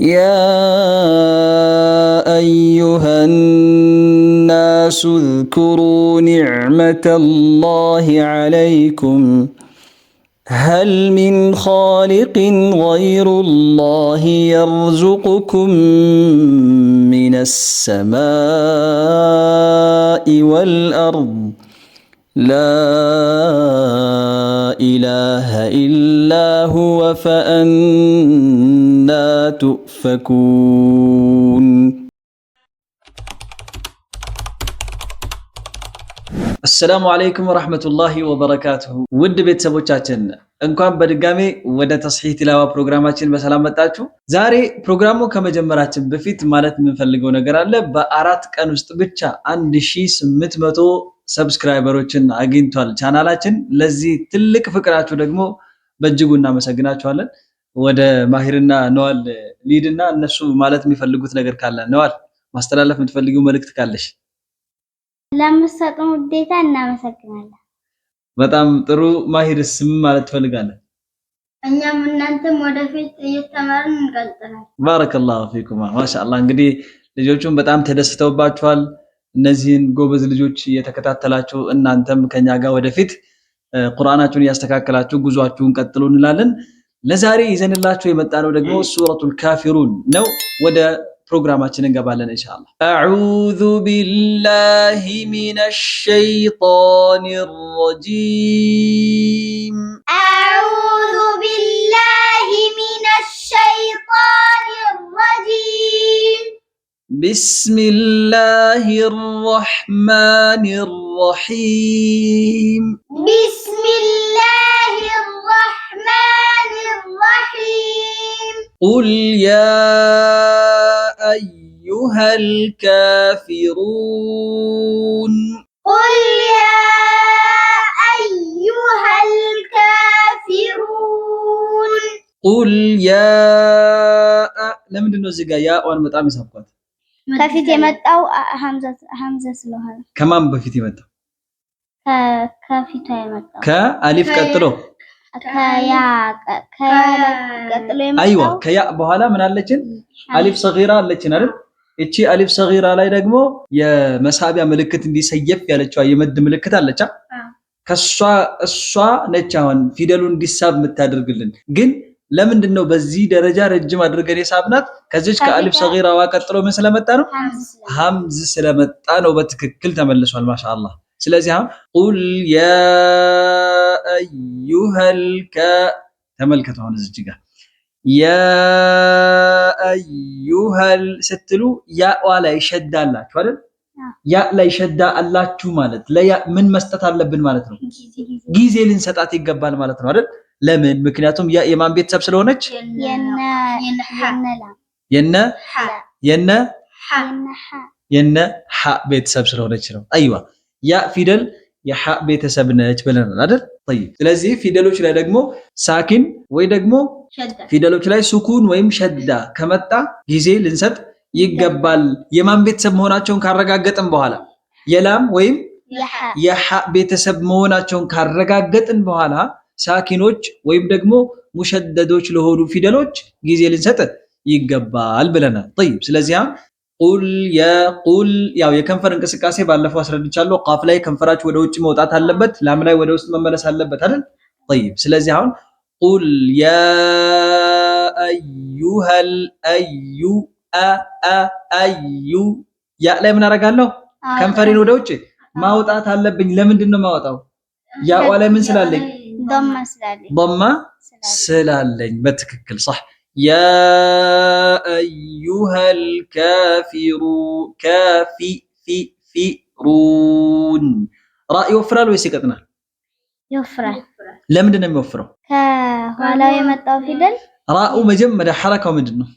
يا ايها الناس اذكروا نعمه الله عليكم هل من خالق غير الله يرزقكم من السماء والارض لا اله الا هو فانتم ቱፈኩን። አሰላሙ አለይኩም ወራህመቱላሂ ወበረካቱሁ። ውድ ቤተሰቦቻችን እንኳን በድጋሜ ወደ ተስሒህ ቲላዋ ፕሮግራማችን በሰላም መጣችሁ። ዛሬ ፕሮግራሙ ከመጀመራችን በፊት ማለት የምንፈልገው ነገር አለ። በአራት ቀን ውስጥ ብቻ 1800 ሰብስክራይበሮችን አግኝቷል ቻናላችን። ለዚህ ትልቅ ፍቅራችሁ ደግሞ በእጅጉ እናመሰግናችኋለን። ወደ ማሂርና ነዋል ሊድና እነሱ ማለት የሚፈልጉት ነገር ካለ ነዋል ማስተላለፍ የምትፈልጊው መልእክት ካለሽ ለምትሰጡን ውዴታ እናመሰግናለን። በጣም ጥሩ። ማሂርስ ምን ማለት ትፈልጋለን? እኛም እናንተም ወደፊት እየተማርን እንቀጥላለን። ባረከላሁ ፊኩም። ማሻአላህ እንግዲህ ልጆቹም በጣም ተደስተውባችኋል። እነዚህን ጎበዝ ልጆች እየተከታተላችሁ እናንተም ከኛ ጋር ወደፊት ቁርአናችሁን እያስተካከላችሁ ጉዟችሁን ቀጥሉ እንላለን። ለዛሬ ይዘንላችሁ የመጣነው ደግሞ ሱረቱል ካፊሩን ነው። ወደ ፕሮግራማችን እንገባለን ኢንሻአላህ። አዑዙ ቢላሂ ሚነሽ ሸይጣኒር ረጂም አዑዙ ቢላሂ ሚነሽ ሸይጣኒር ረጂም بسم الله الرحمن الرحيم بسم الله الرحمن الرحيم قل يا أيها الكافرون قل يا أيها الكافرون قل يا لم دنو زغا يا وان بتام يسابقات ከፊት የመጣው ሀምዛ ስለሆነ ከማን በፊት የመጣው ከፊቷ የመጣው ከአሊፍ ቀጥሎ ከያ አይዋ ከያ በኋላ ምን አለችን? አሊፍ ሰጊራ አለችን አይደል? እቺ አሊፍ ሰጊራ ላይ ደግሞ የመሳቢያ ምልክት እንዲሰየፍ ያለችዋ የመድ ምልክት አለቻ። ከሷ እሷ ነች አሁን ፊደሉ እንዲሳብ የምታደርግልን ግን ለምንድን ነው በዚህ ደረጃ ረጅም አድርገን የሳብናት? ከዚች ከአሊፍ ዋ ቀጥሎ ምን ስለመጣ ነው? ሀምዝ ስለመጣ ነው። በትክክል ተመልሷል። ማሻአላህ። ስለዚህ አሁን ቁል ያ አዩሀል ከ ተመልከቱ። አሁን እዚች ጋር ያ አዩሀል ስትሉ ያዋ ላይ ሸዳ አላችሁ አይደል? ያ ላይ ሸዳ አላችሁ ማለት ለያ ምን መስጠት አለብን ማለት ነው? ጊዜ ልንሰጣት ይገባል ማለት ነው አይደል? ለምን? ምክንያቱም የማን ቤተሰብ ስለሆነች የነ የነ የነ ሐ ቤተሰብ ስለሆነች ነው። አይዋ ያ ፊደል የሐ ቤተሰብ ነች ብለናል አይደል? ጠይብ። ስለዚህ ፊደሎች ላይ ደግሞ ሳኪን ወይ ደግሞ ፊደሎች ላይ ሱኩን ወይም ሸዳ ከመጣ ጊዜ ልንሰጥ ይገባል። የማን ቤተሰብ መሆናቸውን ካረጋገጥን በኋላ የላም ወይም የሐ ቤተሰብ መሆናቸውን ካረጋገጥን በኋላ ሳኪኖች ወይም ደግሞ ሙሸደዶች ለሆኑ ፊደሎች ጊዜ ልንሰጥ ይገባል ብለናል። ጠይብ ስለዚህ ቁል የቁል ያው የከንፈር እንቅስቃሴ ባለፈው አስረድቻለሁ። ቃፍ ላይ ከንፈራችሁ ወደ ውጭ መውጣት አለበት፣ ላም ላይ ወደ ውስጥ መመለስ አለበት አይደል? ጠይብ ስለዚህ አሁን ቁል ያ አዩ አዩ ያ ላይ ምን አደርጋለሁ? ከንፈሬን ወደ ውጭ ማውጣት አለብኝ። ለምንድን ነው የማወጣው? ያው ላይ ምን ስላለኝ ዶማ ስላለኝ በትክክል ሳ ያ አዩሀል ካፊሩን ራ ይወፍራል ወይስ ይቀጥናል? ይወፍራል። ለምንድን ነው የሚወፍረው? ከኋላው የመጣው ፊደል ራኡ መጀመሪያ ሐረካው ምንድን ነው?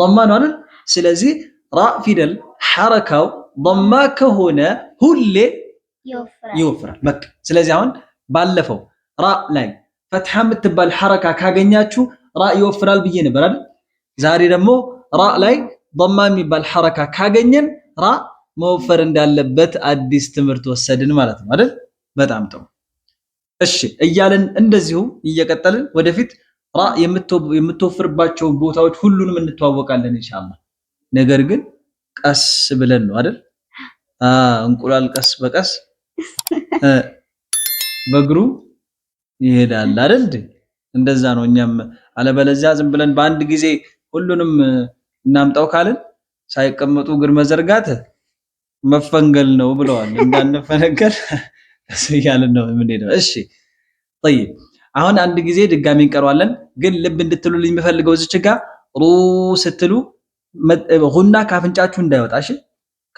ዶማ ነው አይደል? ስለዚህ ራ ፊደል ሐረካው ዶማ ከሆነ ሁሌ ይወፍራል። በቃ ስለዚህ አሁን ባለፈው ራ ላይ ፈትሐ የምትባል ሐረካ ካገኛችሁ ራ ይወፍራል ብዬ ነበር አይደል? ዛሬ ደግሞ ራ ላይ ضማ የሚባል ሐረካ ካገኘን ራ መወፈር እንዳለበት አዲስ ትምህርት ወሰድን ማለት ነው አይደል? በጣም ጥሩ። እሺ እያልን እንደዚሁ እየቀጠልን ወደፊት ራ የምትወፍርባቸው ቦታዎች ሁሉንም እንተዋወቃለን ኢንሻአላህ። ነገር ግን ቀስ ብለን ነው አይደል? እንቁላል ቀስ በቀስ በእግሩ ይሄዳል አይደል እንደዛ ነው። እኛም አለበለዚያ ዝም ብለን በአንድ ጊዜ ሁሉንም እናምጣው ካልን ሳይቀመጡ እግር መዘርጋት መፈንገል ነው ብለዋል። እንዳንፈነገል እያልን ነው የምንሄደው። እሺ ጠይብ፣ አሁን አንድ ጊዜ ድጋሚ እንቀሯለን። ግን ልብ እንድትሉልኝ የሚፈልገው እዚች ጋ ሩ ስትሉ ሁና ካፍንጫችሁ እንዳይወጣ እሺ፣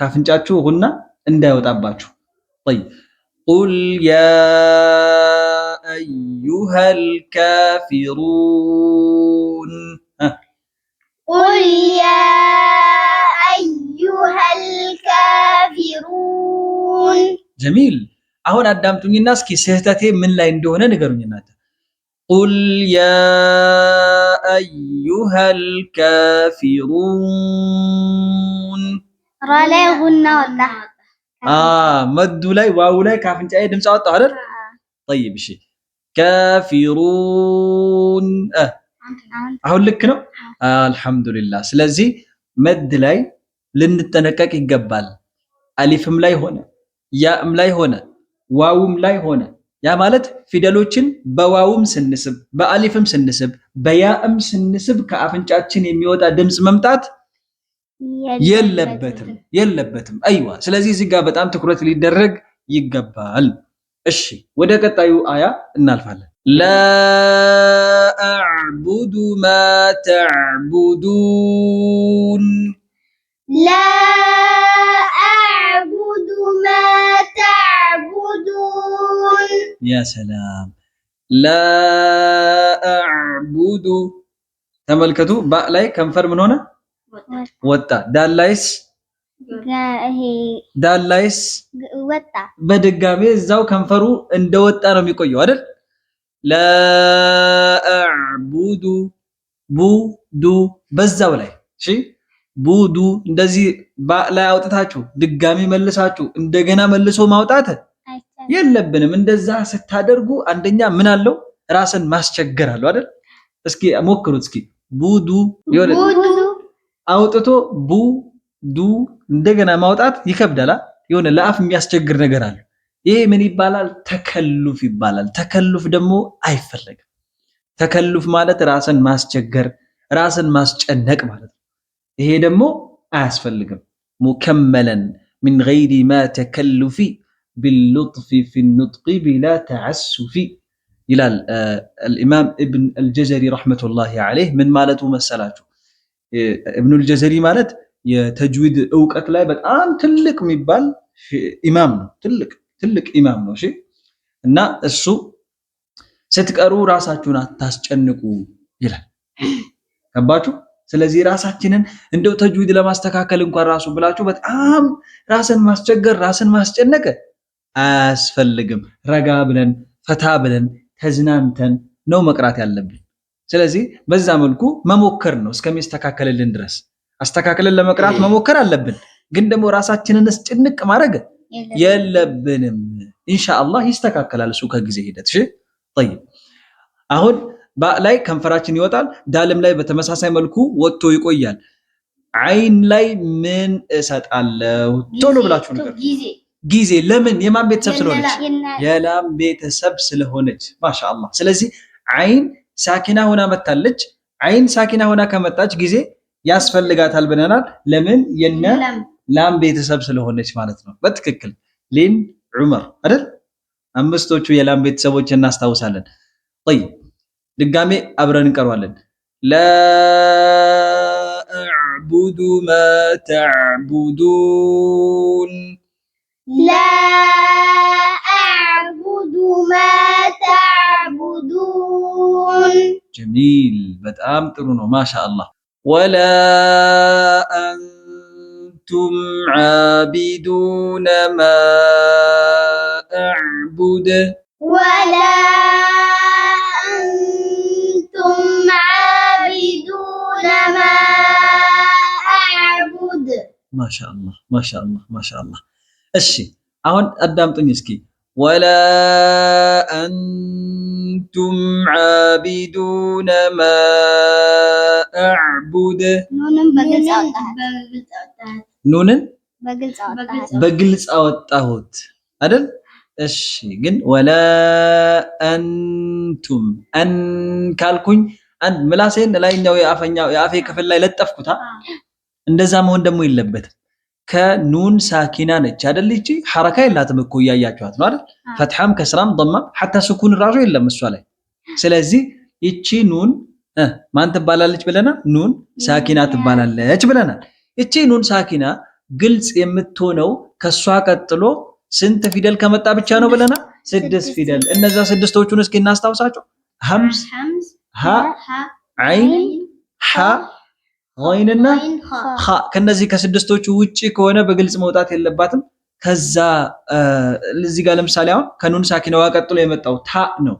ካፍንጫችሁ ሁና እንዳይወጣባችሁ ጠይብ قل يا أيها الكافرون قل يا أيها الكافرون جميل አሁን الناس كي سهتاتي من لا يندونا ንገሩኝ እናንተ قل يا أيها الكافرون ራላ ይሁና ወላህ መዱ ላይ ዋው ላይ ከአፍንጫዬ ድምፅ አወጣሁ አይደል? ጠይብ እሺ። ከፊሩን አሁን ልክ ነው። አልሐምዱሊላ ስለዚህ መድ ላይ ልንጠነቀቅ ይገባል። አሊፍም ላይ ሆነ ያእም ላይ ሆነ ዋውም ላይ ሆነ ያ ማለት ፊደሎችን በዋውም ስንስብ፣ በአሊፍም ስንስብ፣ በያእም ስንስብ ከአፍንጫችን የሚወጣ ድምፅ መምጣት የለበትም የለበትም። አይዋ ስለዚህ እዚህ ጋር በጣም ትኩረት ሊደረግ ይገባል። እሺ ወደ ቀጣዩ አያ እናልፋለን። ላ አዕቡዱ ማ ተዕቡዱን ላ ማ ተዕቡዱን። ያ ሰላም ላ ተመልከቱ፣ ባእ ላይ ከንፈር ምን ሆነ ወጣ። ዳላይስ ዳላይስ ወጣ። በድጋሜ እዛው ከንፈሩ እንደወጣ ነው የሚቆየው አይደል? ለአዕቡዱ ቡዱ በዛው ላይ እሺ ቡዱ እንደዚህ ላይ አውጥታችሁ ድጋሜ መልሳችሁ እንደገና መልሶ ማውጣት የለብንም። እንደዛ ስታደርጉ አንደኛ ምን አለው ራስን ማስቸገር አለው አይደል? እስኪ ሞክሩት። እስኪ ቡዱ አውጥቶ ቡ ዱ እንደገና ማውጣት ይከብዳል። የሆነ ለአፍ የሚያስቸግር ነገር አለ። ይሄ ምን ይባላል? ተከሉፍ ይባላል። ተከሉፍ ደግሞ አይፈለግም። ተከሉፍ ማለት ራስን ማስቸገር፣ ራስን ማስጨነቅ ማለት ነው። ይሄ ደግሞ አያስፈልግም። ሙከመለን ሚን ገይሪ ማ ተከሉፊ ቢልሉጥፊ ፊ ቢላ ተዓሱፊ ይላል አልኢማም ኢብን አልጀዘሪ ረሕመቱላሂ ዓለይህ። ምን ማለቱ መሰላችሁ? እብኑል ጀዘሪ ማለት የተጅዊድ እውቀት ላይ በጣም ትልቅ የሚባል ኢማም ነው። ትልቅ ትልቅ ኢማም ነው። እሺ እና እሱ ስትቀሩ ራሳችሁን አታስጨንቁ ይላል። ገባችሁ? ስለዚህ ራሳችንን እንደው ተጅዊድ ለማስተካከል እንኳን ራሱ ብላችሁ በጣም ራስን ማስቸገር፣ ራስን ማስጨነቅ አያስፈልግም። ረጋ ብለን ፈታ ብለን ተዝናንተን ነው መቅራት ያለብን። ስለዚህ በዛ መልኩ መሞከር ነው እስከሚስተካከልልን ድረስ አስተካክለን ለመቅራት መሞከር አለብን። ግን ደግሞ ራሳችንን ጭንቅ ማድረግ የለብንም። ኢንሻአላህ ይስተካከላል እሱ ከጊዜ ሂደት። እሺ ጠይብ። አሁን ባእ ላይ ከንፈራችን ይወጣል። ዳልም ላይ በተመሳሳይ መልኩ ወጥቶ ይቆያል። አይን ላይ ምን እሰጣለሁ? ቶሎ ብላችሁ ነገር ጊዜ። ለምን? የማን ቤተሰብ ስለሆነች? የላም ቤተሰብ ስለሆነች። ማሻአላህ። ስለዚህ አይን ሳኪና ሆና መታለች። አይን ሳኪና ሆና ከመጣች ጊዜ ያስፈልጋታል ብለናል። ለምን የነ ላም ቤተሰብ ስለሆነች ማለት ነው። በትክክል ሊን ዑመር አይደል? አምስቶቹ የላም ቤተሰቦች እናስታውሳለን። ጠይብ ድጋሜ አብረን እንቀርባለን። ላ አዕቡዱ ማ ተዕቡዱን ላ አዕቡዱ ማ تعبدون جميل بدأم ترونه ما شاء الله ولا أنتم عابدون ما أعبد ولا أنتم عابدون ما أعبد ما شاء الله ما شاء الله ما شاء الله الشيء أهون አዳምጡኝ تنسكي ወላ አንቱም ዓቢዱነ ማ አዕቡድ ኑንን በግልጽ አወጣሁት አይደል? እሺ። ግን ወላ አንቱም አን ካልኩኝ አንድ ምላሴን ላይኛው የአፌ ክፍል ላይ ለጠፍኩታ። እንደዛ መሆን ደግሞ የለበትም። ከኑን ሳኪና ነች አይደል? እቺ ሐረካ የላትም እኮ እያያችኋት ነው አይደል? ፈትሐም ከስራም ضማ ሐታ ስኩን ራሱ የለም እሷ ላይ። ስለዚህ እቺ ኑን ማን ትባላለች ብለና? ኑን ሳኪና ትባላለች ብለናል። እቺ ኑን ሳኪና ግልጽ የምትሆነው ከሷ ቀጥሎ ስንት ፊደል ከመጣ ብቻ ነው ብለና? ስድስት ፊደል። እነዛ ስድስቶቹን እስኪ እናስታውሳቸው። ሀምዝ፣ ሀ፣ አይን፣ ሐ አይንና ሀ ከነዚህ ከስድስቶቹ ውጪ ከሆነ በግልጽ መውጣት የለባትም። ከዛ እዚህ ጋር ለምሳሌ አሁን ከኑን ሳኪናዋ ቀጥሎ የመጣው ታ ነው።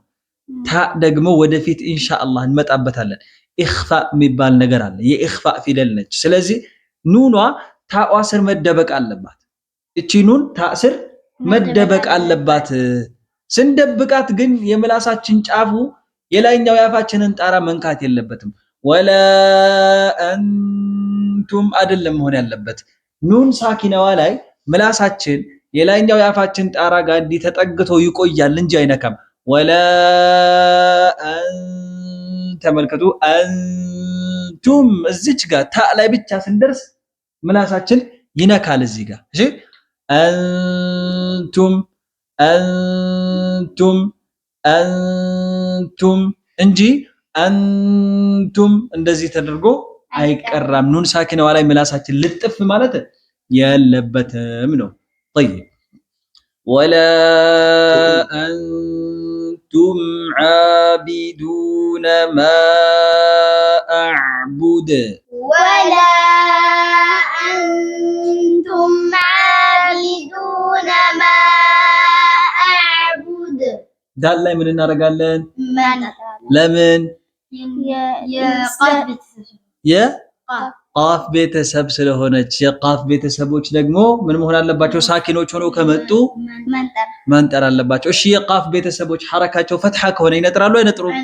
ታ ደግሞ ወደፊት ኢንሻአላህ እንመጣበታለን። ኢኽፋ የሚባል ነገር አለ። የኢኽፋ ፊደል ነች። ስለዚህ ኑኗ ታዋ ስር መደበቅ አለባት። እቺ ኑን ታ ስር መደበቅ አለባት። ስንደብቃት ግን የምላሳችን ጫፉ የላይኛው ያፋችንን ጣራ መንካት የለበትም። ወላ አንቱም አይደለም መሆን ያለበት። ኑን ሳኪነዋ ላይ ምላሳችን የላይኛው የአፋችን ጣራ ጋር እንዲህ ተጠግቶ ይቆያል እንጂ አይነካም። ወላ ተመልከቱ፣ አንቱም እዚች ጋር ታ ላይ ብቻ ስንደርስ ምላሳችን ይነካል። እዚህ ጋር እሺ፣ አንቱም አንቱም አንቱም እንጂ አንቱም እንደዚህ ተደርጎ አይቀራም። ኑን ሳኪናዋ ላይ ምላሳችን ልጥፍ ማለት የለበትም ነው። ጠይብ ወላ ወላ አንቱም ዓቢዱነ ማ አዕቡድ ዳል ላይ ምን እናደርጋለን? ለምን የቃፍ ቤተሰብ ስለሆነች የቃፍ ቤተሰቦች ደግሞ ምን መሆን አለባቸው? ሳኪኖች ሆነው ከመጡ መንጠር አለባቸው። እሺ የቃፍ ቤተሰቦች ሐረካቸው ፈትሐ ከሆነ ይነጥራሉ አይነጥሩም?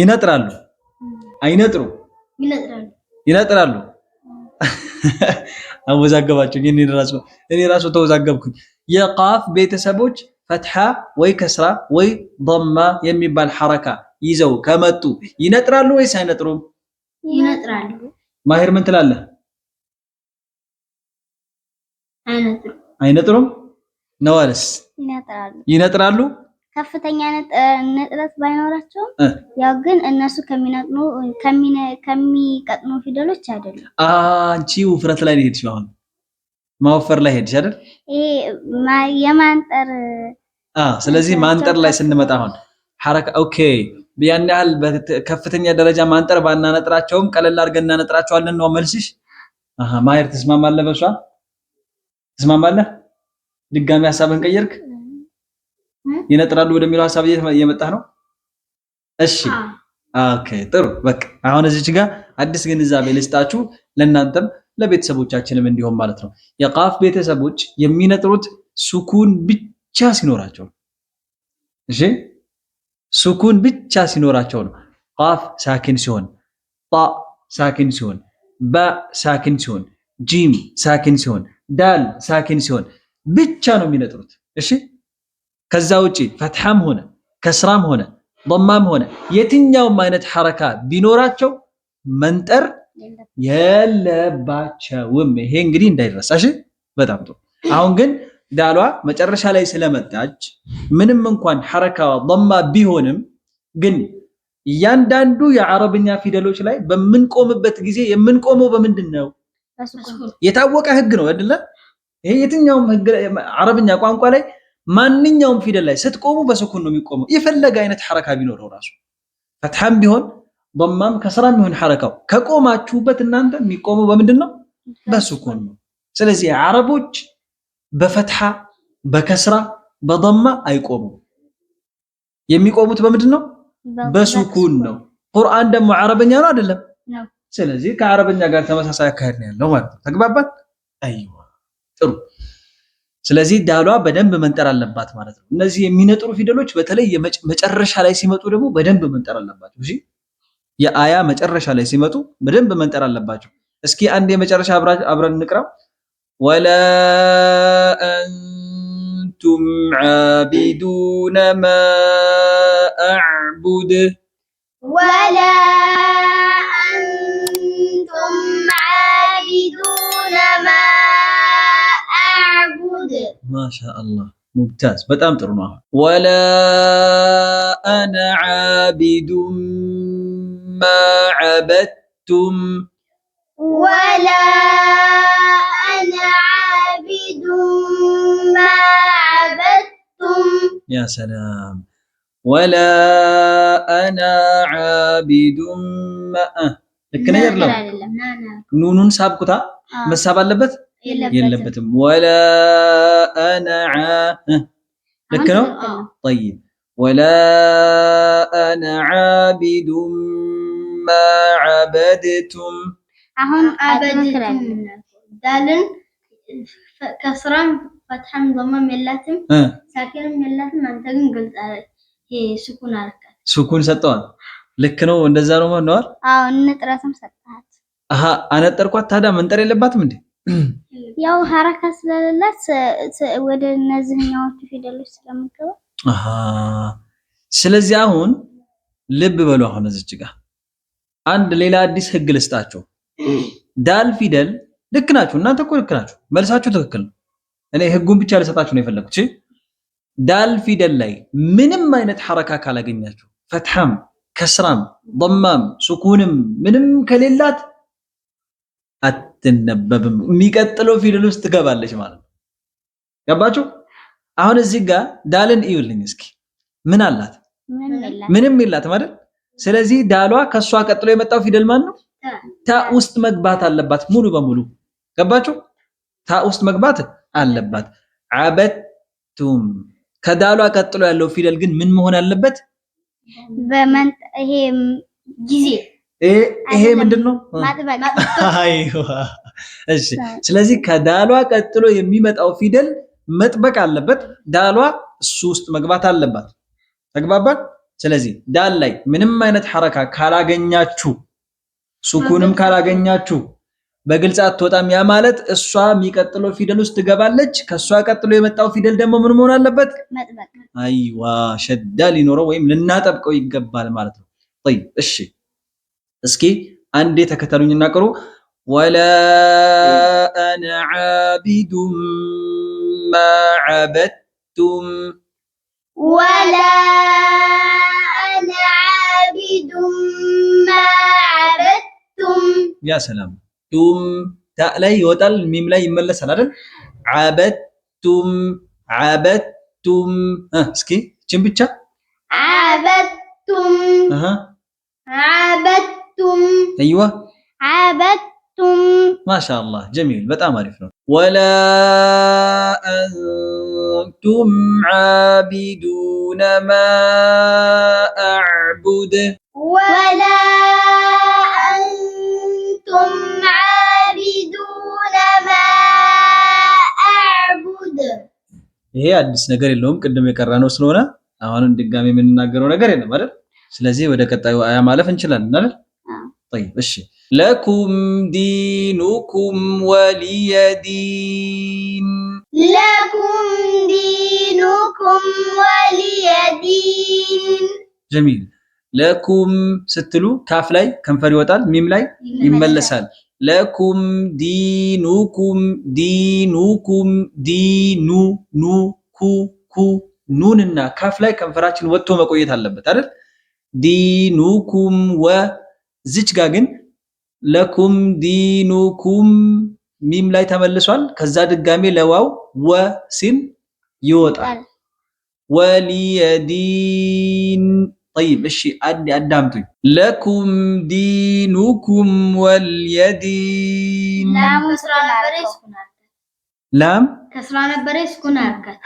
ይነጥራሉ። አይነጥሩ ይነጥራሉ። አወዛገባቸው። እኔ ራሱ ተወዛገብኩኝ። የቃፍ ቤተሰቦች ፈትሐ ወይ ከስራ ወይ ማ የሚባል ሐረካ ይዘው ከመጡ ይነጥራሉ ወይስ አይነጥሩም? ይነጥራሉ። ማሂር ምን ትላለህ? አይነጥሩም ነው አለስ ይነጥራሉ። ከፍተኛ ንጥረት ባይኖራቸውም ያው ግን እነሱ ከሚቀጥኑ ፊደሎች አይደለም። አንቺ ውፍረት ላይ ነው ሄድሽ አሁን ማወፈር ላይ ሄድሽ አይደል? የማንጠር ስለዚህ ማንጠር ላይ ስንመጣ አሁን ሐረካ ኦኬ፣ ያን ያህል ከፍተኛ ደረጃ ማንጠር ባናነጥራቸውም ቀለል አድርገን እናነጥራቸዋለን ነው መልስሽ? አሃ ትስማማለህ? በሷ ትስማማለህ? ድጋሚ ሀሳብን ቀየርክ። ይነጥራሉ ወደሚለው ሀሳብ እየመጣህ ነው። እሺ ኦኬ፣ ጥሩ በቃ አሁን እዚች ጋር አዲስ ግንዛቤ ልስጣችሁ ለእናንተም ለቤተሰቦቻችንም እንዲሆን ማለት ነው። የቃፍ ቤተሰቦች የሚነጥሩት ሱኩን ብቻ ሲኖራቸው ነው። እሺ ሱኩን ብቻ ሲኖራቸው ነው። ቃፍ ሳኪን ሲሆን፣ ጣ ሳኪን ሲሆን፣ ባ ሳኪን ሲሆን፣ ጂም ሳኪን ሲሆን፣ ዳል ሳኪን ሲሆን ብቻ ነው የሚነጥሩት። እሺ ከዛ ውጪ ፈትሐም ሆነ ከስራም ሆነ ضማም ሆነ የትኛውም አይነት ሐረካ ቢኖራቸው መንጠር የለባቸውም። ይሄ እንግዲህ እንዳይረሳ እሺ። በጣም ጥሩ። አሁን ግን ዳሏ መጨረሻ ላይ ስለመጣች ምንም እንኳን ሐረካዋ ማ ቢሆንም ግን እያንዳንዱ የአረብኛ ፊደሎች ላይ በምንቆምበት ጊዜ የምንቆመው በምንድን ነው? የታወቀ ህግ ነው አይደለ? ይሄ የትኛውም ህግ አረብኛ ቋንቋ ላይ ማንኛውም ፊደል ላይ ስትቆሙ በስኩን ነው የሚቆመው። የፈለገ አይነት ሐረካ ቢኖረው ራሱ ፈትሐም ቢሆን በማም ከስራ የሚሆን ሐረካው ከቆማችሁበት እናንተ የሚቆመው በምንድን ነው? በሱኩን ነው። ስለዚህ አረቦች በፈትሐ በከስራ በደማ አይቆሙም። የሚቆሙት በምንድን ነው? በሱኩን ነው። ቁርአን ደግሞ አረበኛ ነው አይደለም? ስለዚህ ከአረበኛ ጋር ተመሳሳይ አካሄድ ነው ያለው ማለት ነው። ተግባባት? አይዋ ጥሩ። ስለዚህ ዳሏ በደንብ መንጠር አለባት ማለት ነው። እነዚህ የሚነጥሩ ፊደሎች በተለይ መጨረሻ ላይ ሲመጡ ደግሞ በደንብ መንጠር አለባቸው። እሺ የአያ መጨረሻ ላይ ሲመጡ በደንብ መንጠር አለባቸው። እስኪ አንድ የመጨረሻ አብረን እንቅራው። ወላ አንቱም ዓቢዱነ ማ አዕቡድ ወላ አንቱም ዓቢዱነ ማ አዕቡድ። ማሻ አላህ ሙምታዝ፣ በጣም ጥሩ ነው። ወላ አነ ዓቢዱን ما عبدتم ولا أنا عابد ما عبدتم يا سلام ولا أنا عابد ما أَهْ. لكن يا لا نونون ساب كتا آه. ما ساب اللبت يلبتم ولا أنا ع أهْ. لكن طيب ولا أنا عابد አማ ዐበድቱም አሁን ዐበድቱም ዳልን ከስራም ፈትሐም ዶማም የላትም ሳኪንም የላትም። አንተ ግን ገልጻ ስኩን አልካት። ስኩን ሰጠዋል። ልክ ነው። እንደዛ ነው ማለት አዎ። እንጥረትም ሰጣት። አሃ አነጠርኳት። ታዲያ መንጠር የለባትም እንዴ? ያው ሐረካ ስለሌላት ወደ እነዚህኛዎቹ ፊደሎች ስለምትገባ አሃ። ስለዚህ አሁን ልብ በሉ አሁን እዚች ጋር አንድ ሌላ አዲስ ህግ ልስጣችሁ። ዳል ፊደል ልክ ናችሁ እናንተ እኮ ልክ ናችሁ፣ መልሳችሁ ትክክል ነው። እኔ ህጉን ብቻ ልሰጣችሁ ነው የፈለኩት። ዳል ፊደል ላይ ምንም አይነት ሐረካ ካላገኛችሁ፣ ፈትሐም፣ ከስራም፣ በማም፣ ሱኩንም ምንም ከሌላት አትነበብም። የሚቀጥለው ፊደል ውስጥ ትገባለች ማለት ነው። ገባችሁ? አሁን እዚህ ጋር ዳልን እዩልኝ እስኪ። ምን አላት? ምንም የላትም አይደል? ስለዚህ ዳሏ ከሷ ቀጥሎ የመጣው ፊደል ማን ነው? ታ ውስጥ መግባት አለባት ሙሉ በሙሉ ገባችሁ? ታ ውስጥ መግባት አለባት። አበቱም ከዳሏ ቀጥሎ ያለው ፊደል ግን ምን መሆን አለበት? በመን ይሄ ምንድን ነው? እሺ ስለዚህ ከዳሏ ቀጥሎ የሚመጣው ፊደል መጥበቅ አለበት። ዳሏ እሱ ውስጥ መግባት አለባት። ተግባባል? ስለዚህ ዳል ላይ ምንም አይነት ሐረካ ካላገኛችሁ ሱኩንም ካላገኛችሁ በግልጽ አትወጣም። ያ ማለት እሷ የሚቀጥለው ፊደል ውስጥ ትገባለች። ከእሷ ቀጥሎ የመጣው ፊደል ደግሞ ምን መሆን አለበት? አይዋ ሸዳ ሊኖረው ወይም ልናጠብቀው ይገባል ማለት ነው። ጠይብ እሺ፣ እስኪ አንዴ ተከተሉኝና ቅሩ ወላ አነ ዓቢዱም ማ ዓበድቱም ወላ عبدتم ما ያ ሰላም ቱም ታ ላይ ይወጣል፣ ሚም ላይ ይመለሳል አይደል? ዓበድቱም ዓበድቱም። እስኪ ችን ብቻ ዓበድቱም ዓበድቱም። እይዋ ዓበድ ማሻአላህ ጀሚል በጣም አሪፍ ነው። ወላ አንቱም ዓቢዱነ ማ አዕቡድ ይሄ አዲስ ነገር የለውም ቅድም የቀራ ነው ስለሆነ አሁንም ድጋሚ የምንናገረው ነገር የለም አይደል? ስለዚህ ወደ ቀጣዩ አያ ማለፍ እንችላለን አይደል? እሺ ለኩም ዲኑኩም ወሊየ ዲን ለኩም ዲኑኩም ወሊየ ዲን ጀሚል ለኩም ስትሉ ካፍ ላይ ከንፈር ይወጣል፣ ሚም ላይ ይመለሳል። ለኩም ዲኑኩም ዲኑኩም ዲኑ ኑ ኩ ኩ ኑንና ካፍ ላይ ከንፈራችን ወጥቶ መቆየት አለበት አይደል? ዲኑኩም ወ እዚች ጋ ግን ለኩም ዲኑኩም ሚም ላይ ተመልሷል። ከዛ ድጋሜ ለዋው ወሲን ይወጣል። ወሊየዲን ጠይብ። እሺ አዳምቱኝ። ለኩም ዲኑኩም ወልየዲን ላም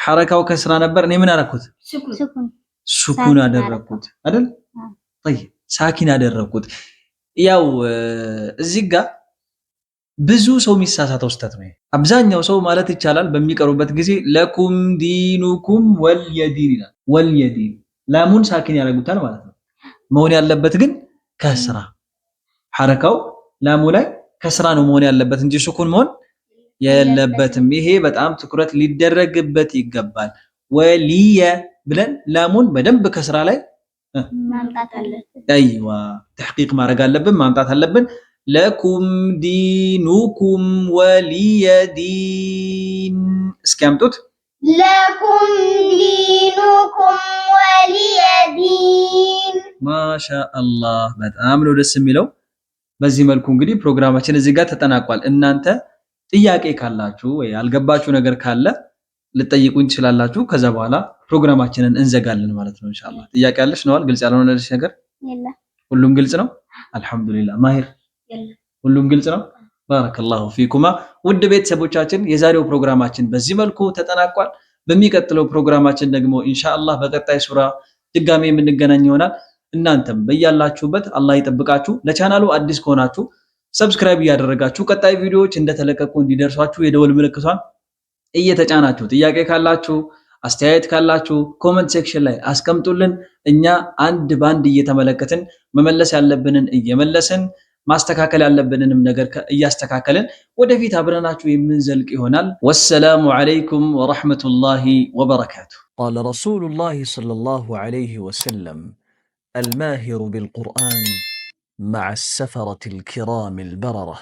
ሐረካው ከስራ ነበር። እኔ ምን አደረኩት? ሱኩን አደረኩት አይደል? ጠይብ ሳኪን አደረኩት። ያው እዚህ ጋር ብዙ ሰው የሚሳሳተው ስህተት ነው። አብዛኛው ሰው ማለት ይቻላል በሚቀሩበት ጊዜ ለኩም ዲኑኩም ወልየዲን ይላል። ወልየዲን ላሙን ሳኪን ያደርጉታል ማለት ነው። መሆን ያለበት ግን ከስራ ሐረካው ላሙ ላይ ከስራ ነው መሆን ያለበት እንጂ ሱኩን መሆን የለበትም። ይሄ በጣም ትኩረት ሊደረግበት ይገባል። ወልየ ብለን ላሙን በደንብ ከስራ ላይ ማምጣት አለበት። አይዋ ተሕቂቅ ማድረግ አለብን፣ ማምጣት አለብን። ለኩም ዲኑኩም ወሊየዲን እስኪያምጡት ለኩም ዲኑኩም በጣም ነው ደስ የሚለው። በዚህ መልኩ እንግዲህ ፕሮግራማችን እዚህ ጋር ተጠናቋል። እናንተ ጥያቄ ካላችሁ ወይ ያልገባችሁ ነገር ካለ ልጠይቁኝ ትችላላችሁ። ከዛ በኋላ ፕሮግራማችንን እንዘጋለን ማለት ነው እንሻላ ጥያቄ ያለሽ ነዋል? ግልጽ ያልሆነ ነገር ሁሉም ግልጽ ነው። አልሐምዱሊላህ ማሄር፣ ሁሉም ግልጽ ነው። ባረከላሁ ፊኩማ። ውድ ቤተሰቦቻችን የዛሬው ፕሮግራማችን በዚህ መልኩ ተጠናቋል። በሚቀጥለው ፕሮግራማችን ደግሞ ኢንሻአላህ በቀጣይ ሱራ ድጋሜ የምንገናኝ ይሆናል። እናንተም በያላችሁበት አላህ ይጠብቃችሁ። ለቻናሉ አዲስ ከሆናችሁ ሰብስክራይብ እያደረጋችሁ ቀጣይ ቪዲዮዎች እንደተለቀቁ እንዲደርሷችሁ የደወል ምልክቷን እየተጫናችሁ ጥያቄ ካላችሁ አስተያየት ካላችሁ ኮመንት ሴክሽን ላይ አስቀምጡልን። እኛ አንድ ባንድ እየተመለከትን መመለስ ያለብንን እየመለስን ማስተካከል ያለብንንም ነገር እያስተካከልን ወደፊት አብረናችሁ የምንዘልቅ ይሆናል። ወሰላሙ ዐለይኩም ወረሕመቱላሂ ወበረካቱ። ቃለ ረሱሉላሂ ሰለላሁ ዐለይሂ ወሰለም الماهر بالقرآن مع السفرة الكرام البررة